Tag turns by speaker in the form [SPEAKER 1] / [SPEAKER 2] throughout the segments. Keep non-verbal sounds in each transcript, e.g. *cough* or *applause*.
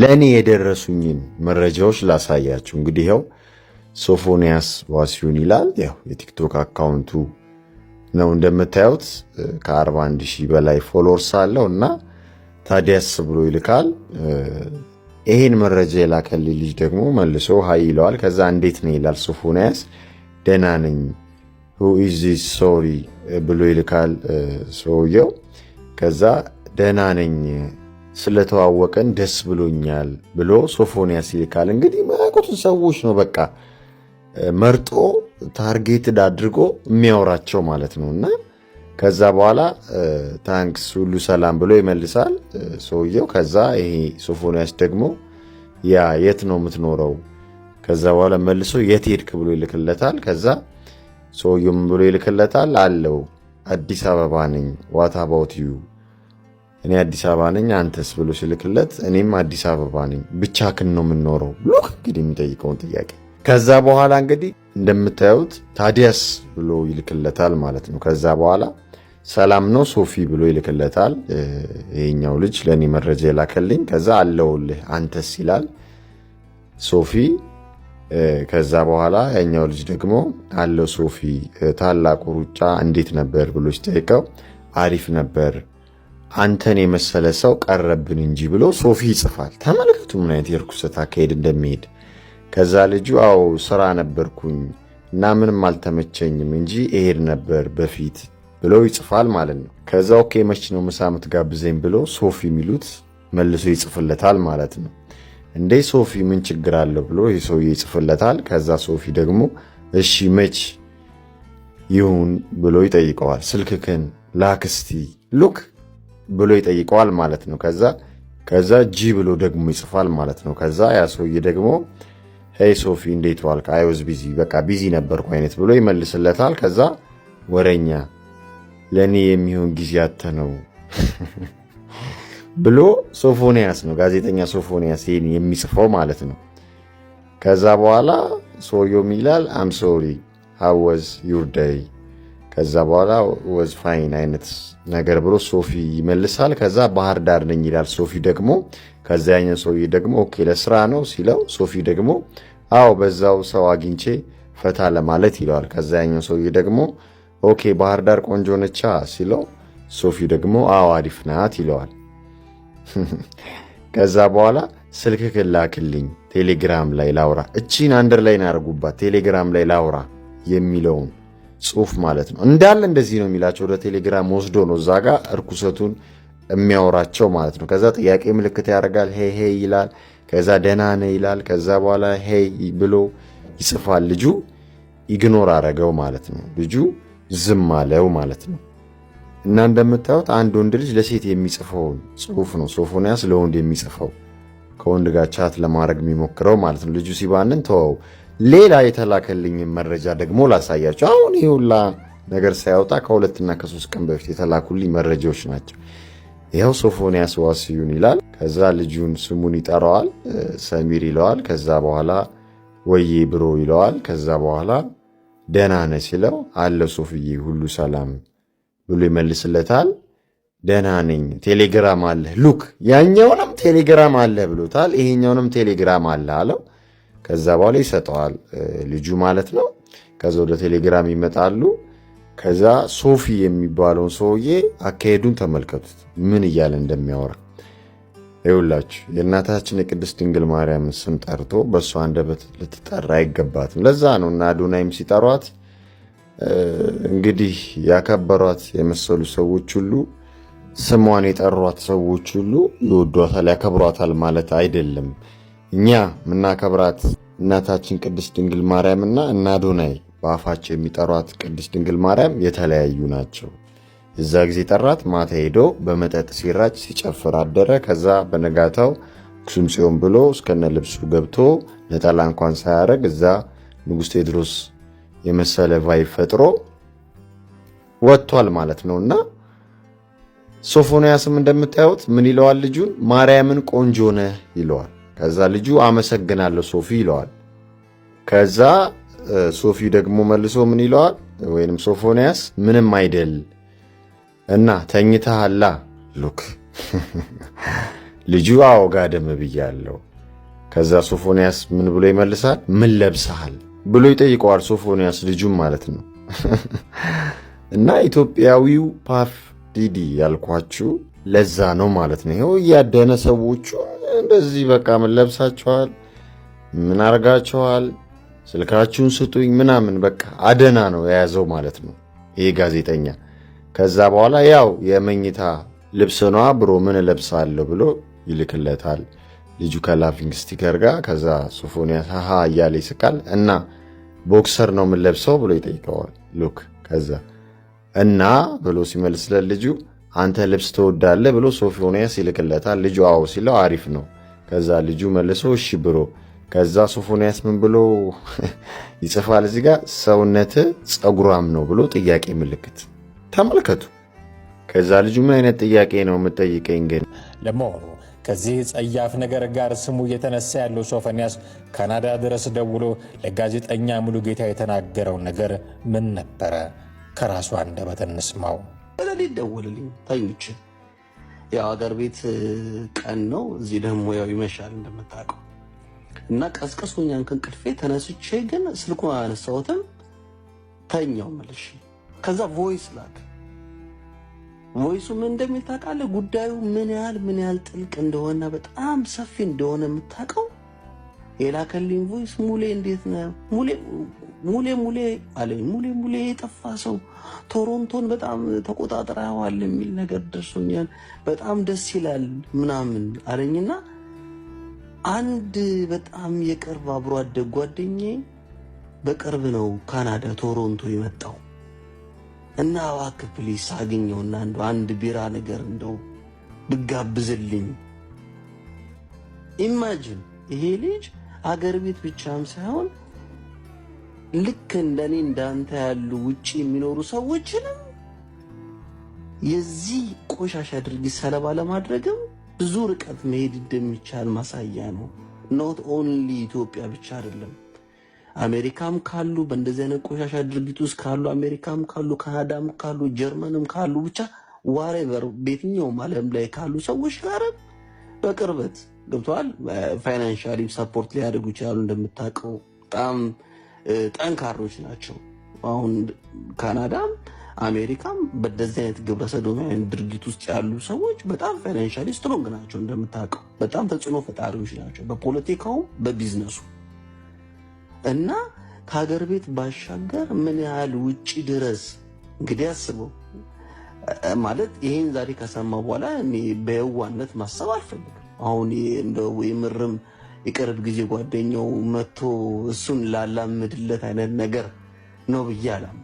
[SPEAKER 1] ለእኔ የደረሱኝን መረጃዎች ላሳያችሁ። እንግዲህ ያው ሶፎንያስ ዋሲሁን ይላል ያው የቲክቶክ አካውንቱ ነው እንደምታዩት ከ41 ሺህ በላይ ፎሎወርስ አለው እና ታዲያስ ብሎ ይልካል። ይሄን መረጃ የላከልኝ ልጅ ደግሞ መልሶ ሀይ ይለዋል። ከዛ እንዴት ነው ይላል ሶፎንያስ። ደህና ነኝ ሁ ኢዝ ሶሪ ብሎ ይልካል ሰውየው። ከዛ ደህና ነኝ ስለተዋወቀን ደስ ብሎኛል ብሎ ሶፎንያስ ይልካል። እንግዲህ ማያውቁትን ሰዎች ነው በቃ መርጦ ታርጌትድ አድርጎ የሚያወራቸው ማለት ነው። እና ከዛ በኋላ ታንክስ ሁሉ ሰላም ብሎ ይመልሳል ሰውየው። ከዛ ይሄ ሶፎንያስ ደግሞ ያ የት ነው የምትኖረው? ከዛ በኋላ መልሶ የት ሄድክ ብሎ ይልክለታል። ከዛ ሰውየው ምን ብሎ ይልክለታል? አለው አዲስ አበባ ነኝ ዋት አባውት ዩ እኔ አዲስ አበባ ነኝ አንተስ ብሎ ሲልክለት እኔም አዲስ አበባ ነኝ ክን ነው የምኖረው ብሎ እንግዲህ የሚጠይቀውን ጥያቄ ከዛ በኋላ እንግዲህ እንደምታዩት ታዲያስ ብሎ ይልክለታል ማለት ነው። ከዛ በኋላ ሰላም ነው ሶፊ ብሎ ይልክለታል። ይሄኛው ልጅ ለእኔ መረጃ የላከልኝ። ከዛ አለውልህ አንተስ ይላል ሶፊ። ከዛ በኋላ ያኛው ልጅ ደግሞ አለው ሶፊ ታላቁ ሩጫ እንዴት ነበር ብሎ ሲጠይቀው አሪፍ ነበር አንተን የመሰለ ሰው ቀረብን እንጂ ብሎ ሶፊ ይጽፋል። ተመልከቱ ምን አይነት የርኩሰት አካሄድ እንደሚሄድ። ከዛ ልጁ አዎ ስራ ነበርኩኝ እና ምንም አልተመቸኝም እንጂ እሄድ ነበር በፊት ብሎ ይጽፋል ማለት ነው። ከዛ ኦኬ መች ነው ምሳ ምትጋብዘኝ ብሎ ሶፊ የሚሉት መልሶ ይጽፍለታል ማለት ነው። እንዴ ሶፊ ምን ችግር አለው ብሎ ይህ ሰውዬ ይጽፍለታል። ከዛ ሶፊ ደግሞ እሺ መች ይሁን ብሎ ይጠይቀዋል። ስልክክን ላክስቲ ሉክ ብሎ ይጠይቀዋል ማለት ነው። ከዛ ከዛ ጂ ብሎ ደግሞ ይጽፋል ማለት ነው። ከዛ ያ ሰውዬ ደግሞ ሄይ ሶፊ እንዴት ዋልክ? አይ ወዝ ቢዚ በቃ ቢዚ ነበርኩ አይነት ብሎ ይመልስለታል። ከዛ ወረኛ ለእኔ የሚሆን ጊዜ አተ ነው *laughs* ብሎ ሶፎንያስ ነው ጋዜጠኛ ሶፎንያስ ይህን የሚጽፈው ማለት ነው። ከዛ በኋላ ሰውየውም ይላል አም ሶሪ ሃው ወዝ ዩር ደይ ከዛ በኋላ ወዝ ፋይን አይነት ነገር ብሎ ሶፊ ይመልሳል። ከዛ ባህር ዳር ነኝ ይላል ሶፊ ደግሞ። ከዛ ያኛው ሰውዬ ደግሞ ኦኬ ለስራ ነው ሲለው ሶፊ ደግሞ አዎ በዛው ሰው አግኝቼ ፈታ ለማለት ይለዋል። ከዛ ያኛው ሰውዬ ደግሞ ኦኬ ባህር ዳር ቆንጆ ነቻ ሲለው ሶፊ ደግሞ አዎ አሪፍ ናት ይለዋል። *laughs* ከዛ በኋላ ስልክህ ላክልኝ ቴሌግራም ላይ ላውራ፣ እቺን አንደር ላይ ናርጉባት ቴሌግራም ላይ ላውራ የሚለውን ጽሁፍ ማለት ነው። እንዳለ እንደዚህ ነው የሚላቸው። ወደ ቴሌግራም ወስዶ ነው እዛ ጋር እርኩሰቱን የሚያወራቸው ማለት ነው። ከዛ ጥያቄ ምልክት ያደርጋል። ሄይ ሄይ ይላል። ከዛ ደህና ነህ ይላል። ከዛ በኋላ ሄይ ብሎ ይጽፋል። ልጁ ኢግኖር አረገው ማለት ነው። ልጁ ዝም አለው ማለት ነው። እና እንደምታዩት አንድ ወንድ ልጅ ለሴት የሚጽፈውን ጽሁፍ ነው ሶፎንያስ ለወንድ የሚጽፈው ከወንድ ጋር ቻት ለማድረግ የሚሞክረው ማለት ነው። ልጁ ሲባንን ተወው። ሌላ የተላከልኝ መረጃ ደግሞ ላሳያቸው። አሁን ይህ ሁላ ነገር ሳያወጣ ከሁለትና ከሶስት ቀን በፊት የተላኩልኝ መረጃዎች ናቸው። ይኸው ሶፎንያስ ዋስዩን ይላል። ከዛ ልጁን ስሙን ይጠራዋል፣ ሰሚር ይለዋል። ከዛ በኋላ ወዬ ብሮ ይለዋል። ከዛ በኋላ ደህና ነህ ሲለው አለ ሶፍዬ ሁሉ ሰላም ብሎ ይመልስለታል። ደህና ነኝ፣ ቴሌግራም አለህ ሉክ፣ ያኛውንም ቴሌግራም አለህ ብሎታል። ይሄኛውንም ቴሌግራም አለ አለው። ከዛ በኋላ ይሰጠዋል ልጁ ማለት ነው። ከዛ ወደ ቴሌግራም ይመጣሉ። ከዛ ሶፊ የሚባለውን ሰውዬ አካሄዱን ተመልከቱት፣ ምን እያለ እንደሚያወራ ይውላችሁ። የእናታችን የቅድስት ድንግል ማርያምን ስም ጠርቶ በእሱ አንደበት ልትጠራ አይገባትም። ለዛ ነው እና አዶናይም ሲጠሯት እንግዲህ ያከበሯት የመሰሉ ሰዎች ሁሉ ስሟን የጠሯት ሰዎች ሁሉ ይወዷታል፣ ያከብሯታል ማለት አይደለም። እኛ ምናከብራት እናታችን ቅድስት ድንግል ማርያም እና እናዶናይ በአፋቸው የሚጠሯት ቅድስት ድንግል ማርያም የተለያዩ ናቸው። እዛ ጊዜ ጠራት። ማታ ሄዶ በመጠጥ ሲራጭ ሲጨፍር አደረ። ከዛ በነጋታው አክሱም ጽዮን ብሎ እስከነ ልብሱ ገብቶ ነጠላ እንኳን ሳያደርግ እዛ ንጉሥ ቴድሮስ የመሰለ ቫይ ፈጥሮ ወጥቷል ማለት ነው እና ሶፎንያስም እንደምታዩት ምን ይለዋል? ልጁን ማርያምን ቆንጆ ነህ ይለዋል። ከዛ ልጁ አመሰግናለሁ ሶፊ ይለዋል። ከዛ ሶፊ ደግሞ መልሶ ምን ይለዋል? ወይንም ሶፎንያስ ምንም አይደል እና ተኝተሃላ ሉክ *laughs* ልጁ አወጋ ደም ብያለሁ። ከዛ ሶፎንያስ ምን ብሎ ይመልሳል? ምን ለብሰሃል ብሎ ይጠይቀዋል። ሶፎንያስ ልጁም ማለት ነው። *laughs* እና ኢትዮጵያዊው ፓፍ ዲዲ ያልኳችሁ ለዛ ነው ማለት ነው። ይኸው እያደነ ሰዎቹ እንደዚህ በቃ ምን ለብሳችኋል፣ ምን አርጋችኋል፣ ስልካችሁን ስጡኝ ምናምን በቃ አደና ነው የያዘው ማለት ነው ይሄ ጋዜጠኛ። ከዛ በኋላ ያው የመኝታ ልብስ ነዋ ብሮ ምን ለብሳለሁ ብሎ ይልክለታል። ልጁ ከላፊንግ ስቲከር ጋር ከዛ ሶፎንያስ ሀ እያለ ይስቃል። እና ቦክሰር ነው የምንለብሰው ብሎ ይጠይቀዋል ሉክ። ከዛ እና ብሎ ሲመልስለት ልጁ አንተ ልብስ ትወዳለህ ብሎ ሶፎንያስ ይልክለታል። ልጁ አዎ ሲለው አሪፍ ነው። ከዛ ልጁ መልሶ እሺ ብሎ ከዛ ሶፎንያስ ምን ብሎ *laughs* ይጽፋል? እዚህ ጋር ሰውነት ፀጉሯም ነው ብሎ ጥያቄ ምልክት ተመልከቱ። ከዛ ልጁ ምን አይነት ጥያቄ ነው የምጠይቀኝ? ግን
[SPEAKER 2] ለመሆኑ ከዚህ ጸያፍ ነገር ጋር ስሙ እየተነሳ ያለው ሶፎንያስ ካናዳ ድረስ ደውሎ ለጋዜጠኛ ሙሉ ጌታ የተናገረው ነገር ምን ነበረ? ከራሱ አንደበት እንስማው።
[SPEAKER 3] ለእኔ ይደወልልኝ ታኞች ያው ሀገር ቤት ቀን ነው። እዚህ ደግሞ ያው ይመሻል እንደምታውቀው እና ቀስቀሱኛን ከእንቅልፌ ተነስቼ ግን ስልኩን አነሳሁትም ተኛው መልሽ ከዛ ቮይስ ላክ ቮይሱ ምን እንደሚል ታውቃለህ? ጉዳዩ ምን ያህል ምን ያህል ጥልቅ እንደሆነ በጣም ሰፊ እንደሆነ የምታውቀው የላከልኝ ቮይስ ሙሌ እንዴት ነህ ሙሌ ሙሌ ሙሌ አለ ሙሌ ሙሌ የጠፋ ሰው ቶሮንቶን በጣም ተቆጣጥረዋል የሚል ነገር ደርሶኛል። በጣም ደስ ይላል ምናምን አለኝና አንድ በጣም የቅርብ አብሮ አደግ ጓደኜ በቅርብ ነው ካናዳ ቶሮንቶ የመጣው እና እባክህ ፕሊስ አግኘውና እንደው አንድ ቢራ ነገር እንደው ብጋብዝልኝ። ኢማጅን ይሄ ልጅ አገር ቤት ብቻም ሳይሆን ልክ እንደ እንደኔ እንዳንተ ያሉ ውጭ የሚኖሩ ሰዎችንም የዚህ ቆሻሻ ድርጊት ሰለባ ለማድረግም ብዙ ርቀት መሄድ እንደሚቻል ማሳያ ነው። ኖት ኦንሊ ኢትዮጵያ ብቻ አይደለም። አሜሪካም ካሉ በእንደዚህ አይነት ቆሻሻ ድርጊት ውስጥ ካሉ አሜሪካም ካሉ ካናዳም ካሉ ጀርመንም ካሉ ብቻ ዋሬቨር በየትኛውም ዓለም ላይ ካሉ ሰዎች ጋርም በቅርበት ገብተዋል። ፋይናንሻሊ ሰፖርት ሊያደርጉ ይችላሉ። እንደምታውቀው በጣም ጠንካሮች ናቸው። አሁን ካናዳም አሜሪካም በደዚህ አይነት ግብረሰዶማውያን ድርጊት ውስጥ ያሉ ሰዎች በጣም ፋይናንሻሊ ስትሮንግ ናቸው። እንደምታውቀው በጣም ተጽዕኖ ፈጣሪዎች ናቸው፣ በፖለቲካውም በቢዝነሱ እና ከሀገር ቤት ባሻገር ምን ያህል ውጭ ድረስ እንግዲህ አስበው ማለት ይሄን ዛሬ ከሰማ በኋላ በየዋነት ማሰብ አልፈልግም። አሁን እንደው የቅርብ ጊዜ ጓደኛው መጥቶ እሱን ላላምድለት አይነት ነገር ነው ብዬ አላም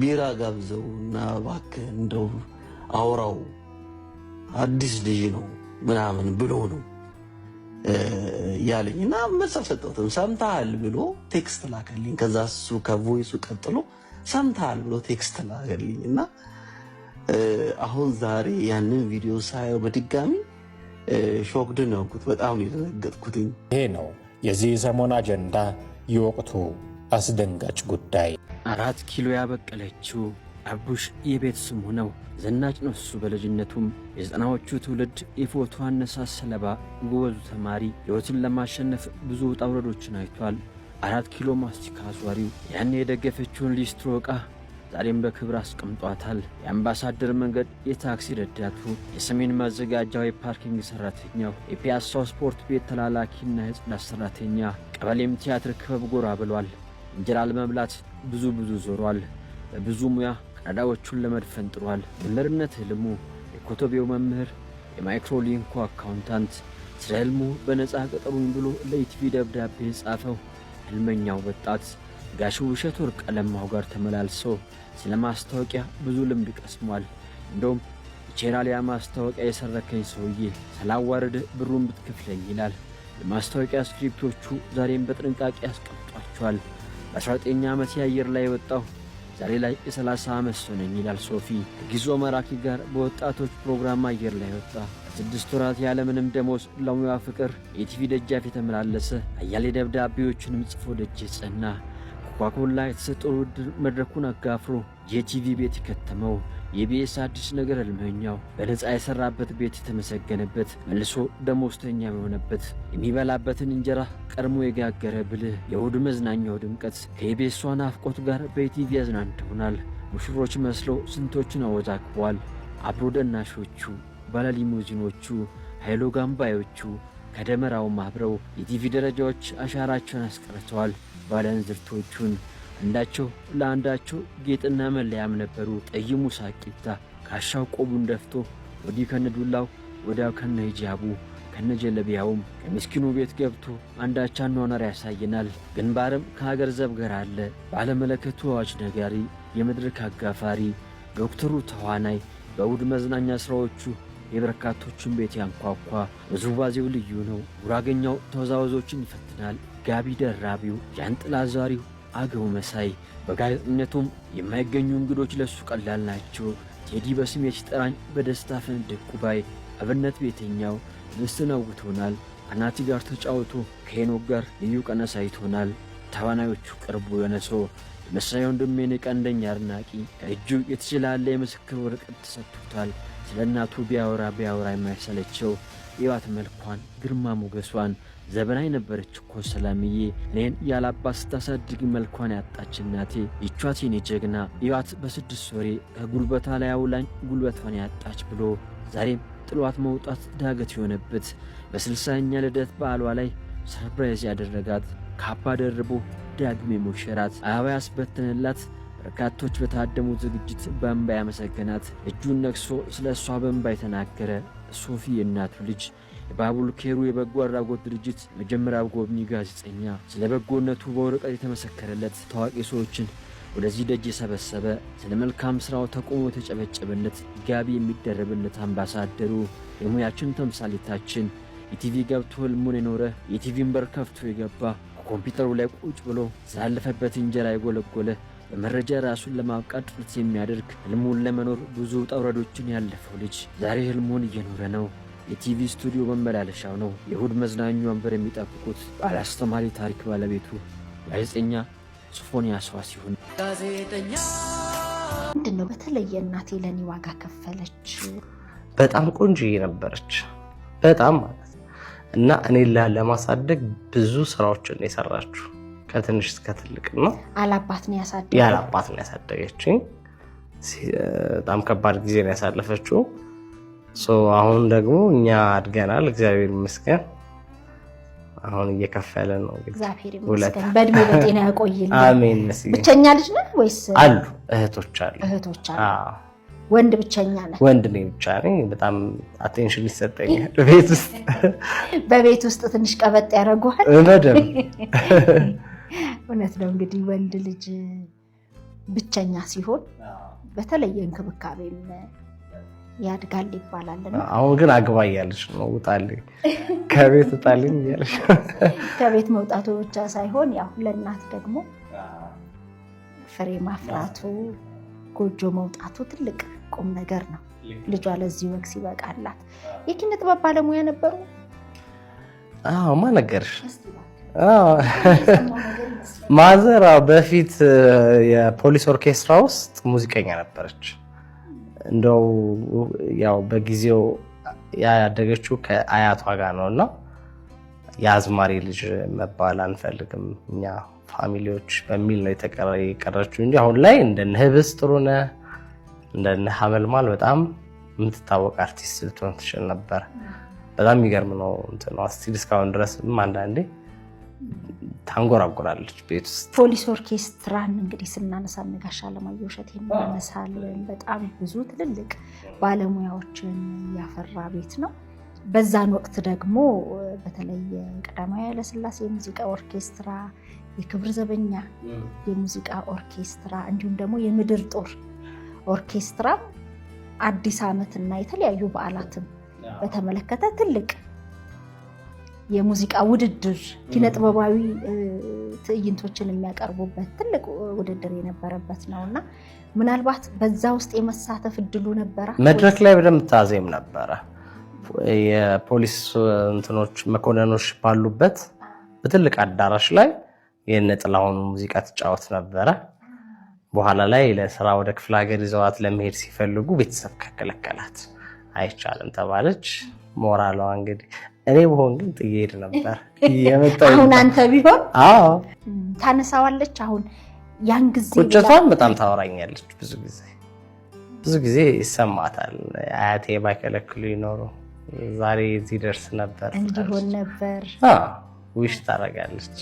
[SPEAKER 3] ቢራ ጋብዘው እና እባክህ እንደው አውራው አዲስ ልጅ ነው ምናምን ብሎ ነው ያለኝ እና መጽሐፍ ሰጠሁትም። ሰምተሃል ብሎ ቴክስት ላከልኝ። ከዛ እሱ ከቮይሱ ቀጥሎ ሰምተሃል ብሎ ቴክስት ላከልኝ እና አሁን ዛሬ ያንን ቪዲዮ ሳየው በድጋሚ ሾክድ ነውኩት። በጣም የተዘገጥኩትኝ
[SPEAKER 4] ይሄ ነው የዚህ ሰሞን አጀንዳ፣ የወቅቱ አስደንጋጭ ጉዳይ
[SPEAKER 5] አራት ኪሎ ያበቀለችው አቡሽ የቤት ስሙ ነው። ዘናጭ ነው እሱ። በልጅነቱም የዘጠናዎቹ ትውልድ የፎቶ አነሳስ ሰለባ ጎበዙ ተማሪ ሕይወትን ለማሸነፍ ብዙ ውጣ ውረዶችን አይቷል። አራት ኪሎ ማስቲካ አዟሪው ያኔ የደገፈችውን ሊስትሮ ዕቃ ዛሬም በክብር አስቀምጧታል። የአምባሳደር መንገድ የታክሲ ረዳቱ፣ የሰሜን ማዘጋጃው የፓርኪንግ ሰራተኛው፣ የፒያሳው ስፖርት ቤት ተላላኪና የጽዳት ሰራተኛ፣ ቀበሌም ቲያትር ክበብ ጎራ ብሏል። እንጀራ ለመብላት ብዙ ብዙ ዞሯል። በብዙ ሙያ ቀዳዳዎቹን ለመድፈን ጥሯል። መምህርነት ህልሙ፣ የኮቶቤው መምህር፣ የማይክሮሊንኮ አካውንታንት ስለ ህልሙ በነፃ ቅጠሩኝ ብሎ ለኢቲቪ ደብዳቤ የጻፈው ህልመኛው ወጣት ጋሽ ውሸቱ ወርቅ አለማሁ ጋር ተመላልሶ ስለ ማስታወቂያ ብዙ ልምድ ቀስሟል። እንደውም የቼራሊያ ማስታወቂያ የሰረከኝ ሰውዬ ስላዋረደ ብሩን ብትክፍለኝ ይላል። የማስታወቂያ ስክሪፕቶቹ ዛሬም በጥንቃቄ ያስቀምጧቸዋል። በ19 ዓመት የአየር ላይ የወጣው ዛሬ ላይ የ30 ዓመት ሰው ነኝ ይላል ሶፊ። ከጊዞ መራኪ ጋር በወጣቶች ፕሮግራም አየር ላይ ወጣ። ስድስት ወራት ያለምንም ደሞዝ ለሙያ ፍቅር የቲቪ ደጃፍ የተመላለሰ አያሌ ደብዳቤዎችንም ጽፎ ደጅ ጸና። ላይ የተሰጠውን ውድድር መድረኩን አጋፍሮ የቲቪ ቤት የከተመው የቢኤስ አዲስ ነገር ህልመኛው በነፃ የሰራበት ቤት የተመሰገነበት መልሶ ደሞዝተኛ የሆነበት የሚበላበትን እንጀራ ቀድሞ የጋገረ ብልህ የእሁድ መዝናኛው ድምቀት ከኢቢኤሷ አፍቆት ጋር በኢቲቪ ያዝናንተውናል። ሙሽሮች መስለው ስንቶችን አወዛግበዋል። አብሮ ደናሾቹ ባለሊሙዚኖቹ ኃይሎ ጋምባዮቹ ከደመራውም አብረው የቲቪ ደረጃዎች አሻራቸውን አስቀርተዋል። ባለእንዝርቶቹን አንዳቸው ለአንዳቸው ጌጥና መለያም ነበሩ። ጠይሙ ሳቂታ ካሻው ቆቡን ደፍቶ ወዲህ ከነዱላው ወዲያው ከነ ሂጃቡ ከነጀለቢያውም ከምስኪኑ ቤት ገብቶ አንዳች አኗኗር ያሳየናል። ግንባርም ከሀገር ዘብ ጋር አለ። ባለመለከቱ አዋጅ ነጋሪ፣ የመድረክ አጋፋሪ፣ ዶክተሩ ተዋናይ በውድ መዝናኛ ሥራዎቹ የበርካቶችን ቤት ያንኳኳ። ውዝዋዜው ልዩ ነው። ጉራገኛው ተወዛዋዦችን ይፈትናል። ጋቢ ደራቢው፣ ጃንጥላ ዛሪው፣ አገው መሳይ በጋዜጠኝነቱም የማይገኙ እንግዶች ለሱ ቀላል ናቸው። ቴዲ በስሜት ሲጠራኝ በደስታ ፈንድቅ ባይ፣ አብነት ቤተኛው ምስትን አውቶናል። አናቲ ጋር ተጫውቶ ከሄኖክ ጋር ልዩ ቀነሳ አይቶናል። ተዋናዮቹ ቅርቡ የነሶ የመሳይ ወንድሜን ቀንደኛ አድናቂ ከእጁ የተችላለ የምስክር ወረቀት ተሰጥቶታል። ስለ እናቱ ቢያወራ ቢያወራ የማይሰለቸው የዋት መልኳን ግርማ ሞገሷን ዘበና የነበረች እኮ ሰላምዬ እኔን ያላባት ስታሳድግ መልኳን ያጣች እናቴ ይቿት የኔ ጀግና ይዋት በስድስት ወሬ ከጉልበቷ ላይ አውላኝ ጉልበቷን ያጣች ብሎ ዛሬም ጥሏት መውጣት ዳገት የሆነበት በስልሳኛ ልደት በዓሏ ላይ ሰርፕራይዝ ያደረጋት ካባ ደርቦ ዳግሜ ሞሸራት አበባ በርካቶች በታደሙት ዝግጅት በእንባ ያመሰገናት፣ እጁን ነክሶ ስለ እሷ በእንባ የተናገረ ሶፊ የእናቱ ልጅ የባቡል ኬሩ የበጎ አድራጎት ድርጅት መጀመሪያ ጎብኚ ጋዜጠኛ፣ ስለ በጎነቱ በወረቀት የተመሰከረለት ታዋቂ ሰዎችን ወደዚህ ደጅ የሰበሰበ ስለ መልካም ሥራው ተቆሞ የተጨበጨበለት ጋቢ የሚደረብለት አምባሳደሩ፣ የሙያችን ተምሳሌታችን፣ የቲቪ ገብቶ ህልሙን የኖረ የቲቪን በር ከፍቶ የገባ ኮምፒውተሩ ላይ ቁጭ ብሎ ስላለፈበት እንጀራ የጎለጎለ በመረጃ ራሱን ለማብቃት ጥረት የሚያደርግ ህልሙን ለመኖር ብዙ ጠውረዶችን ያለፈው ልጅ ዛሬ ህልሙን እየኖረ ነው። የቲቪ ስቱዲዮ መመላለሻው ነው። የእሁድ መዝናኙ ወንበር የሚጠብቁት ባለ አስተማሪ ታሪክ ባለቤቱ ጋዜጠኛ ሶፎንያስ ሲሆን ጋዜጠኛ
[SPEAKER 6] ምንድን ነው በተለየ እናቴ ለእኔ ዋጋ ከፈለች።
[SPEAKER 7] በጣም ቆንጆ ነበረች፣ በጣም ማለት እና እኔ ለማሳደግ ብዙ ስራዎችን የሰራችሁ ከትንሽ እስከ ትልቅ ነው። ያላባት ነው ያሳደገችኝ። በጣም ከባድ ጊዜ ነው ያሳለፈችው። አሁን ደግሞ እኛ አድገናል፣ እግዚአብሔር ይመስገን። አሁን እየከፈለ ነው።
[SPEAKER 6] እግዚአብሔር ይመስገን በእድሜ በጤና ያቆይልን።
[SPEAKER 7] *laughs*
[SPEAKER 6] ብቸኛ ልጅ ነው ወይስ
[SPEAKER 7] አሉ እህቶች? አሉ
[SPEAKER 6] እህቶች አሉ። ወንድ ብቸኛ ነህ?
[SPEAKER 7] ወንድ ነኝ ብቻ ነኝ። በጣም አቴንሽን ይሰጠኛል ቤት ውስጥ።
[SPEAKER 6] በቤት ውስጥ ትንሽ ቀበጥ ያደርጉሃል
[SPEAKER 7] በደምብ *laughs*
[SPEAKER 6] እውነት ነው እንግዲህ ወንድ ልጅ ብቸኛ ሲሆን በተለየ እንክብካቤም ያድጋል ይባላል።
[SPEAKER 7] አሁን ግን አግባ እያለች ነው፣ ውጣልኝ ከቤት ውጣልኝ እያለች
[SPEAKER 6] ከቤት መውጣቱ ብቻ ሳይሆን ያው ለእናት ደግሞ ፍሬ ማፍራቱ ጎጆ መውጣቱ ትልቅ ቁም ነገር ነው። ልጇ ለዚህ ወግ ሲበቃላት የኪነ ጥበብ ባለሙያ ነበሩ።
[SPEAKER 7] ማ ነገርሽ ማዘር በፊት የፖሊስ ኦርኬስትራ ውስጥ ሙዚቀኛ ነበረች። እንደው ያው በጊዜው ያደገችው ከአያቷ ጋር ነው እና የአዝማሪ ልጅ መባል አንፈልግም እኛ ፋሚሊዎች በሚል ነው የቀረችው እንጂ አሁን ላይ እንደነ ህብስ ጥሩነህ እንደነ ሀመልማል በጣም የምትታወቅ አርቲስት ልትሆን ትችል ነበር። በጣም የሚገርም ነው። እስካሁን ድረስም አንዳንዴ ታንጎራጉራለች ቤት
[SPEAKER 6] ውስጥ። ፖሊስ ኦርኬስትራን እንግዲህ ስናነሳ ነጋሽ አለማየሁ እሸቴን እናነሳለን። በጣም ብዙ ትልልቅ ባለሙያዎችን ያፈራ ቤት ነው። በዛን ወቅት ደግሞ በተለይ ቀዳማዊ ኃይለስላሴ የሙዚቃ ኦርኬስትራ፣ የክብር ዘበኛ የሙዚቃ ኦርኬስትራ እንዲሁም ደግሞ የምድር ጦር ኦርኬስትራ አዲስ ዓመትና የተለያዩ በዓላትን በተመለከተ ትልቅ የሙዚቃ ውድድር ኪነጥበባዊ ትዕይንቶችን የሚያቀርቡበት ትልቅ ውድድር የነበረበት ነው እና ምናልባት በዛ ውስጥ የመሳተፍ እድሉ ነበረ።
[SPEAKER 7] መድረክ ላይ በደንብ ታዜም ነበረ። የፖሊስ እንትኖች መኮንኖች ባሉበት በትልቅ አዳራሽ ላይ የእነ ጥላሁን ሙዚቃ ትጫወት ነበረ። በኋላ ላይ ለስራ ወደ ክፍለ ሀገር ይዘዋት ለመሄድ ሲፈልጉ ቤተሰብ ከከለከላት አይቻልም ተባለች። ሞራሏ እንግዲህ እኔ መሆን ግን ትሄድ ነበር።
[SPEAKER 6] *laughs* አሁን አንተ ቢሆን ታነሳዋለች። አሁን ያን ጊዜ
[SPEAKER 7] ቁጭቷን በጣም ታወራኛለች። ብዙ ጊዜ ብዙ ጊዜ ይሰማታል። አያቴ ባይከለክሉ ይኖሩ ዛሬ እዚህ ደርስ ነበር
[SPEAKER 6] እንዲሆን ነበር።
[SPEAKER 7] ውሽ ታደርጋለች።